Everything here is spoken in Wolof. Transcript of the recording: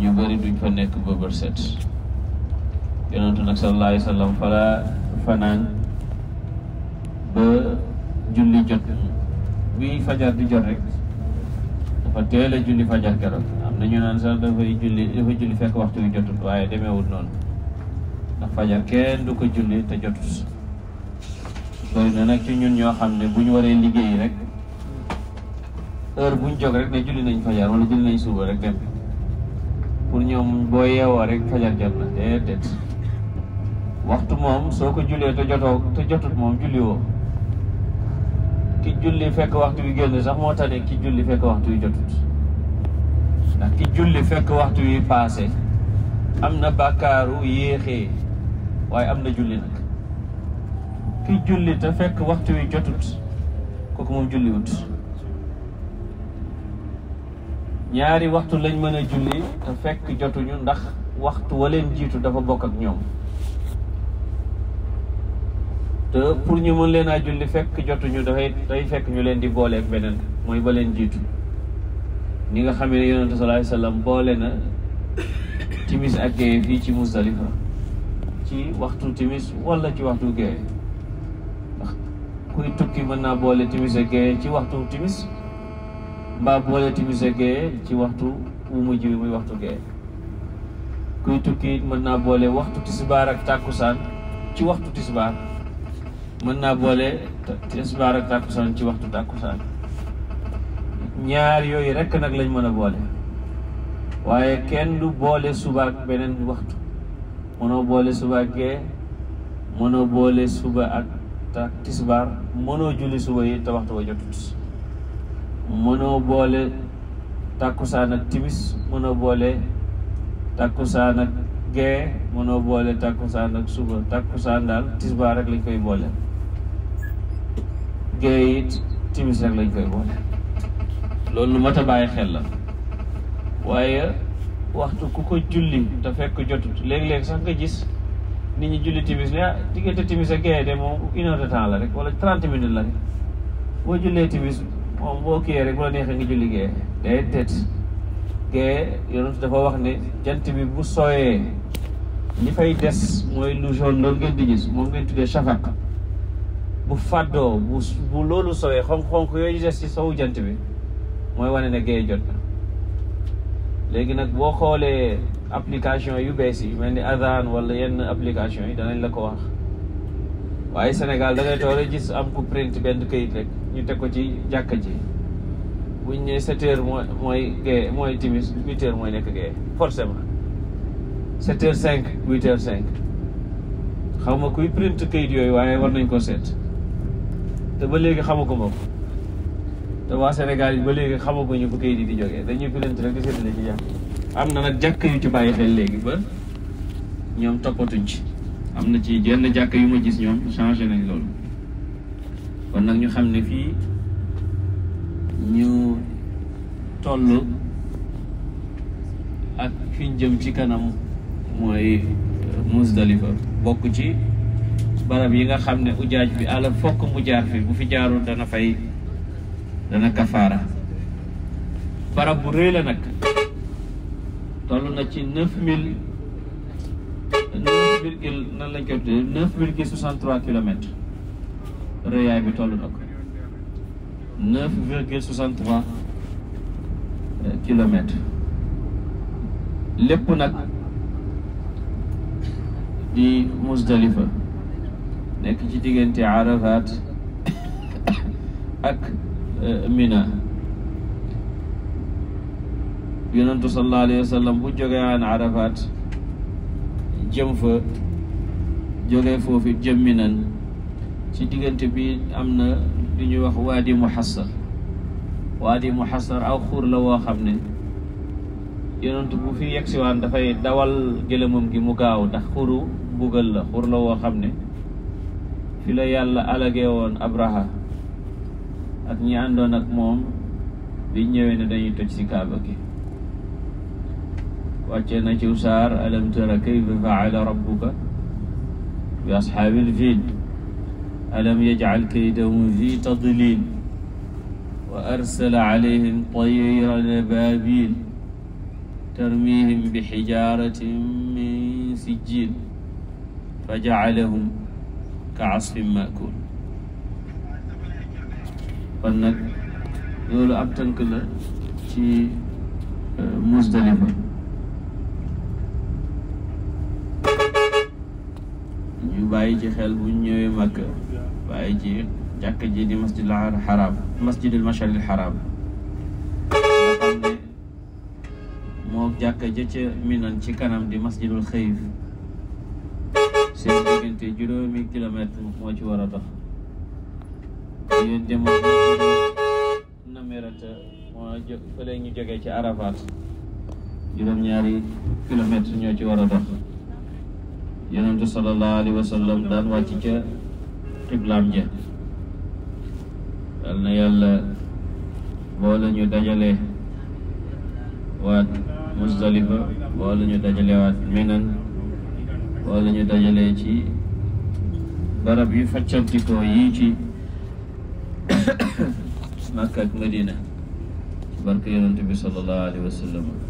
ñu bëri duñ fa nekk ba bër set yonentu nag sallallahu alayhi wa fanaan ba julli jot bi fajar di jot rek dafa teel a julli fajar keroog am na ñu naan sax dafay julli dafa julli fekk waxtu jotut waaye demeewul noonu ndax fajar kenn du ko julli te jotut bëri na nag ci ñun ñoo xam ne bu ñu waree liggéey rek heure bu ñu jóg rek ne julli nañ fajar wala julli nañ suba rek pour ñoom boo yeewoo rek fajar jot na déedéet waxtu moom soo ko jullee te jotoo te jotut moom julli woo ki julli fekk waxtu wi génn sax moo tane ki julli fekk waxtu wi jotut ndax ki julli fekk waxtu wi paase am na bàkkaaru yéexee waaye am na julli nag ki julli te fekk waxtu wi jotut kooku moom julliwut ñaari waxtu lañ mën a julli fekk jotuñu ndax waxtu wa leen jiitu dafa bokk ak ñoom te pour ñu mën leen a julli fekk jotuñu dafay day fekk ñu leen di boole ak beneen mooy ba leen jiitu ni nga xame ne yonente sallallahu alayhi wasallam boole na timis ak géeye fii ci Musdalifa ci waxtu timis wala ci waxtu géeye ndax kuy tukki mën naa boole timis ak géeye ci waxtu timis mbaa boole timis ak ci waxtu wu mujj bi waxtu gee kuy tukki mën naa boole waxtu tisbaar ak tàkkusaan ci waxtu tisbaar mën naa boole tisbaar ak tàkkusaan ci waxtu tàkkusaan ñaar yooyu rekk nag lañ mën a boole waaye kenn du boole suba ak beneen waxtu mënoo boole suba ak gee mënoo boole suba ak tisbaar mënoo julli suba yi te waxtu wa jotut mënoo boole tàkkusaan ak timis mënoo boole tàkkusaan ak gee mënoo boole tàkkusaan ak suba tàkkusaan daal tisbaar rek lañ koy boole gee it timis rek lañ koy boole loolu lu mat bàyyi xel la waaye waxtu ku ko julli te fekk jotut léeg-léeg sax nga gis nit ñi julli timis ne ah diggante timis ak gee de moom une heure temps la rek wala trent minutes la rek boo jullee timis moom boo kii rek bu la neexee nga julli gee day tët gee yonent dafa wax ne jant bi bu sooyee li fay des mooy lu jaune loolu ngeen di gis moom ngeen tuddee shafaq bu fàddoo bu bu loolu sooyee xonk-xonk yooyu des ci sowu jant bi mooy wane ne gee jot na léegi nag boo xoolee application yu bees yi mel ni Azaan wala yenn application yi danañ la ko wax waaye Sénégal da ngay toog gis am ku print benn kayit rek ñu teg ko ci jàkka ji buñ ne sept heures mooy mooy gee mooy timis huit heures mooy nekk gee forcément sept heures cinq huit heures cinq xaw ma kuy print kayit yooyu waaye war nañ koo seet te ba léegi xamagu ma ko te waa senegal yi ba léegi xamaguñu bu këyit yi di jógee dañuy print rek di seetale ci jàkk am na nag jàkk yu ci bàyyi xel léegi ba ñoom toppatuñ ci am na ci jenn jàkk yu ma gis ñoom changé nañ loolu kon nag ñu xam ne fii ñu toll ak fiñ jëm ci kanam mooy euh, Muzdalifa bokk ci barab yi nga xam ne ujaaj bi àll fokk mu jaar fi bu fi jaarul dana fay dana kafaara barab bu rëy la nag toll na ci neuf mille neuf virgule nan lañ koy tuddee neuf virgule soixante trois kilomètres rëyaay bi toll na ko neuf virgule soixante trois euh, kilomètres lépp nag di Musdalifa nekk ci diggante Arafat ak euh, Mina yonentu sallallahu alayhi wa bu jógee aan Arafat jëm fa jógee foofu jëm minan ci diggante bi am na lu ñuy wax waadi muhassar waadi muhassar aw xuur la woo xam ne yonent bu fi yegsiwaan dafay dawal gëlëmam gi mu gaaw ndax xuru bugal la xur la woo xam ne fi la yàlla alagee woon abraha ak ñi àndoon ak moom biñ ñëwee ne dañuy toj si kaaba gi wàcce na ciw saar alam tara kayfa faala rabbuka bi ashaabil fiil alam yajcal kaydahum fi tadlil wa arsala calayhim tayran ababil tarmihim bi xijaaratin min sijjiil fa jacalahum ka asfin maakul kon nag loolu ab tënk la ci euh, Muzdalifa ñu bàyyi ci xel bu ñu ñëwee Makka bàyyi ci jàkk ji di masjidil haram masjidil masharil haram moo jàkk ja ca Minan ci kanam di masjidul xëyif seen diggante juróomi kilomètre moo ci war a dox yéen demoon namerata moo ñu jógee ci Arafat juróom-ñaari kilomètre ñoo ci war a dox yonentu sallallahu alayhi wa daan wàcc ca xiblaam ja yal na yàlla boole ñu dajale waat Muzdalifa boole ñu dajale waat Minan boole ñu dajale ci barab yu faccantikoo yii ci Makka ak Madina ci barke yonent bi sallallahu alayhi wa